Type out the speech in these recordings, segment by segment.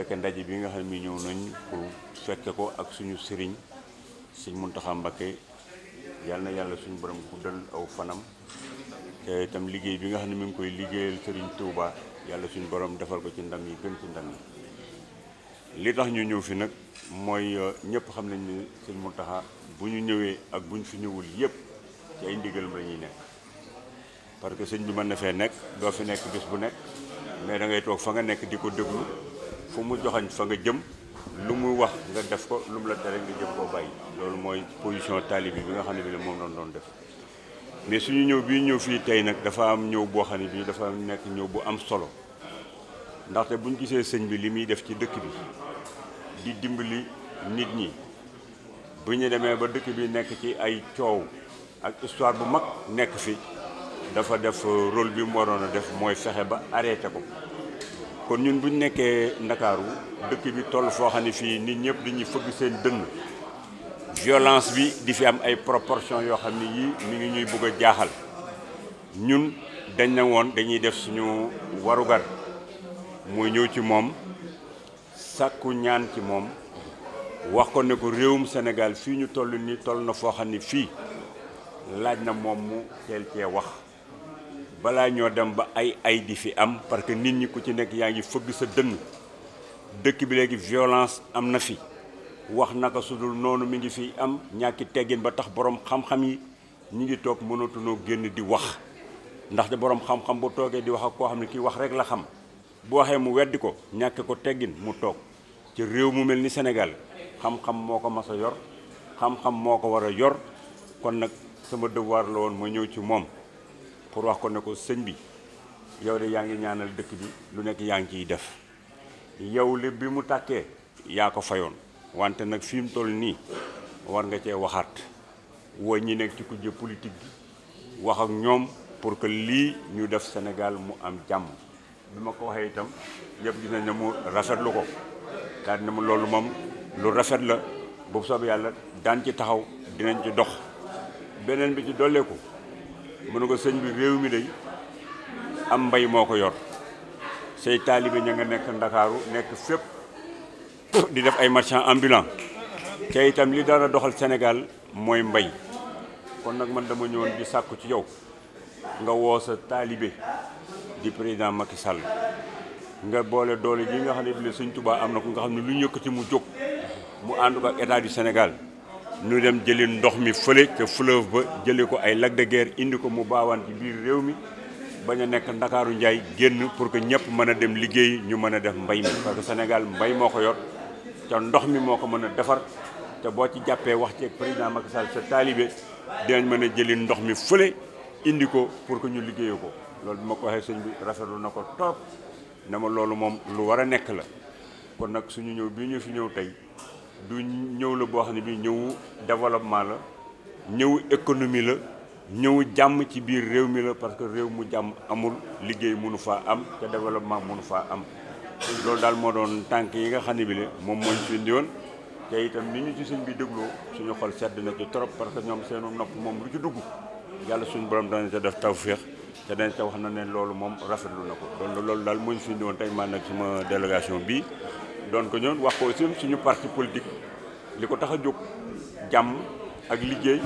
fekkee ndaje bi nga xam ne ñëw nañ pour fekke ko ak suñu sëriñ suñ Muntaxa Mbakke yal na yàlla suñu borom guddal aw fanam te itam liggéey bi nga xam ne mu ngi koy liggéeyal sëriñ Touba yàlla suñu borom defal ko ci ndam yi gën ci ndam yi li tax ñu ñëw fi nag mooy euh, ñëpp xam nañ ne sëñ Muntaxa bu ñu ñëwee ak bu ñu fi ñëwul yëpp ci ay ndigalam la nekk parce que sëñ bi mën na fee nekk doo fi nekk bis bu nekk mais dangay toog fa nga nekk di ko déglu. fu mu joxañ fa nga jëm lu mu wax nga def ko lu mu la tere nga jëm koo bàyyi loolu mooy position taalibe bi nga xam ne bi ne moom noonu doon def mais suñu ñëw bii ñëw fii tey nag dafa am ñëw boo xam ne bii dafa nekk ñëw bu am solo ndaxte buñ gisee sëñ bi li muy def ci dëkk bi di dimbali nit ñi bu ñu demee ba dëkk bi nekk ci ay coow ak histoire bu mag nekk fi dafa def rôle bi mu waroon a def mooy fexe ba arrêté ko kon ñun bu nekkee ndakaaru dëkk bi toll foo xam ne fii nit ñëpp dañuy fëgg seen dënn violence bi di fi am ay proportion yoo xam ne yii mi ngi ñuy bëgg jaaxal ñun dañ na woon dañuy def suñu warugar muy ñëw ci moom sàkku ñaan ci moom wax ko ne ko réewum Sénégal fii ñu toll nii toll na foo xam ne fii laaj na moom mu teel cee wax balaa ñoo dem ba ay ay di fi am parce que nit ñi ku ci nekk yaa ngi fëgg sa dënn dëkk bi léegi violence am na fi wax naka su dul noonu mi ngi fi am ñàkki teggin ba tax borom xam-xam yi ñu ngi toog mënatunoo génn di wax ndax ndaxte borom xam-xam bu toogee di wax ak koo xam ne kii wax rek la xam bu waxee mu weddi ko ñàkk ko teggin mu toog ci réew mu mel ni Sénégal xam-xam moo ko mas a yor xam-xam moo ko war a yor kon nag sama devoir la woon ma ñëw ci moom. pour wax ko ne ko sëñ bi yow de yaa ngi ñaanal dëkk bi lu nekk yaa ngi ciy def yow li bi mu tàkkee yaa ko fayoon wante nag fi mu toll nii war nga cee waxaat woo ñi nekk ci kujje politique bi wax ak ñoom pour que lii ñu def senegal mu am jàmm bi ma ko waxee itam ñépp gis nañ ne mu rafetlu ko daal na mu loolu moom lu rafet la bu soob yàlla daan ci taxaw dinañ ci dox beneen bi ci dolleeku mën na ko sëñ bi réew mi day am mbay moo ko yor say taalibe ña nga nekk ndakaaru nekk fépp di def ay marchand ambulant te itam li dara doxal Sénégal mooy mbay kon nag man dama ñëwoon di sàkku ci yow nga woo sa taalibe di président Macky Sall nga boole doole ji nga xam ne bi Sëñ Tuubaa am na ku nga xam ne lu ñu yëkkati mu jóg mu ànd ko ak état du Sénégal ñu dem jëli ndox mi fële ca fleuve ba jëlee ko ay lac de indi ko mu baawan ci biir réew mi bañ a nekk ndakaaru njaay génn pour que ñëpp mën a dem liggéey ñu mën a def mbay mi parce que Sénégal mbay moo ko yor te ndox mi moo ko mën a defar te boo ci jàppee wax ci président Macky Sall ca taalibe dinañ mën a jëli ndox mi fële indi ko pour que ñu liggéeyee ko loolu bi ma ko waxee sëñ bi rafetlu na ko toog na ma loolu moom lu war a nekk la kon nag suñu ñëw bii ñu fi ñëw tey du ñëw la boo xam ne bi ñëwu développement la ñëw économie la ñëw jàmm ci biir réew mi la parce que réew mu jàmm amul liggéey mënu faa am te développement munu faa am loolu daal moo doon tànk yi nga xam ne bi ne moom moo ñu fi indi woon te itam ni ñu ci sëñ bi dégloo suñu xol sedd na ci trop parce que ñoom seenu nopp moom lu ci dugg yàlla suñu borom danañ ca def tawféex te dañ ca wax na ne loolu moom rafetlu na ko donc loolu daal moo ñu fi indi woon tey man nag suma délégation doon ko ñëw wax ko aussi suñu parti politique li ko tax a jóg jàmm ak liggéey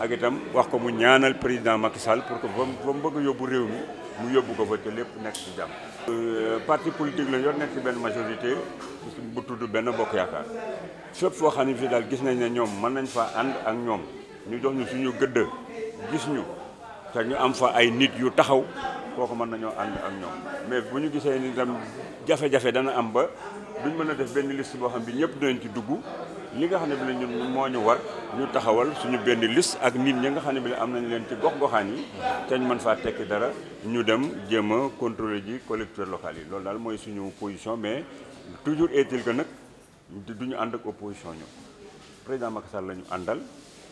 ak itam wax ko mu ñaanal président Macky Sall pour que fa mu bëgg yóbbu réew mi mu yóbbu ko fa te lépp nekk ci jàmm. Euh, parti politique la yor nekk ci benn majorité bu tudd benn bokk yaakaar fépp foo xam ne fii daal gis nañ ne ñoom mën nañ fa ànd ak ñoom ñu jox ñu suñu gëddë gis ñu te ñu am fa ay nit yu taxaw. kooku mën nañoo ànd ak ñoom mais bu ñu gisee ni tam jafe-jafe dana am ba duñ mën a def benn liste boo xam bi ñëpp dinañ ci dugg li nga xam ne bi la moo ñu war ñu taxawal suñu benn liste ak nit ñi nga xam ne bi am nañ leen ci gox-goxaan yi te ñu mën faa tekk dara ñu dem jéem a contrôler ji collecteur local yi loolu daal mooy suñu position mais toujours est-il que du ñu ànd ak opposition ñu président Macky Sall la ñu àndal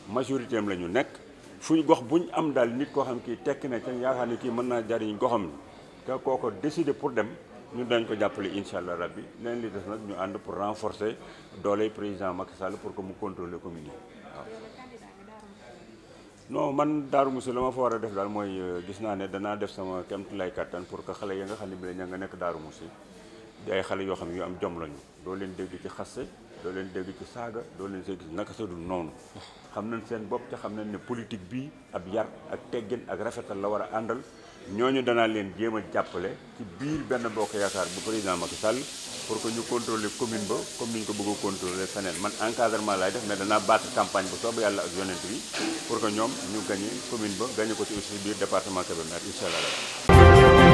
majorité am la ñu nekk fuñ gox bu ñu am daal nit koo xam kii tekk na ca yaakaar ne kii mën naa jariñ goxam te kooko décidé pour dem ñu dañ ko jàppale incha allah bi leen li def nag ñu ànd pour renforcer doole président Macky Sall pour que mu contrôler commune yi waaw. non man Darou Moussi la ma fa war a def daal mooy euh, gis naa ne danaa def sama kéemtulaay kattan pour que xale ya nga xam ne bi la ña nga nekk Darou Moussi di ay xale yoo xam ne yu am jom lañu doo leen dégg ci xaste doo leen dégg ci saaga doo leen dégg ci naka xam nañ seen bopp te xam nañ ne politique bii ab yar ak teggin ak rafetal la war a àndal ñu danaa leen jéem a jàppale ci biir benn bokk yaakaar bu président Macky Sall pour que ñu contrôler commune ba comme ni ñu ko bëgg a contrôler feneen man encadrement laay def mais danaa battre campagne bu soob yàlla ak yonent bi pour que ñoom ñu gagné commune ba gagné ko ci aussi biir département Kébémer incha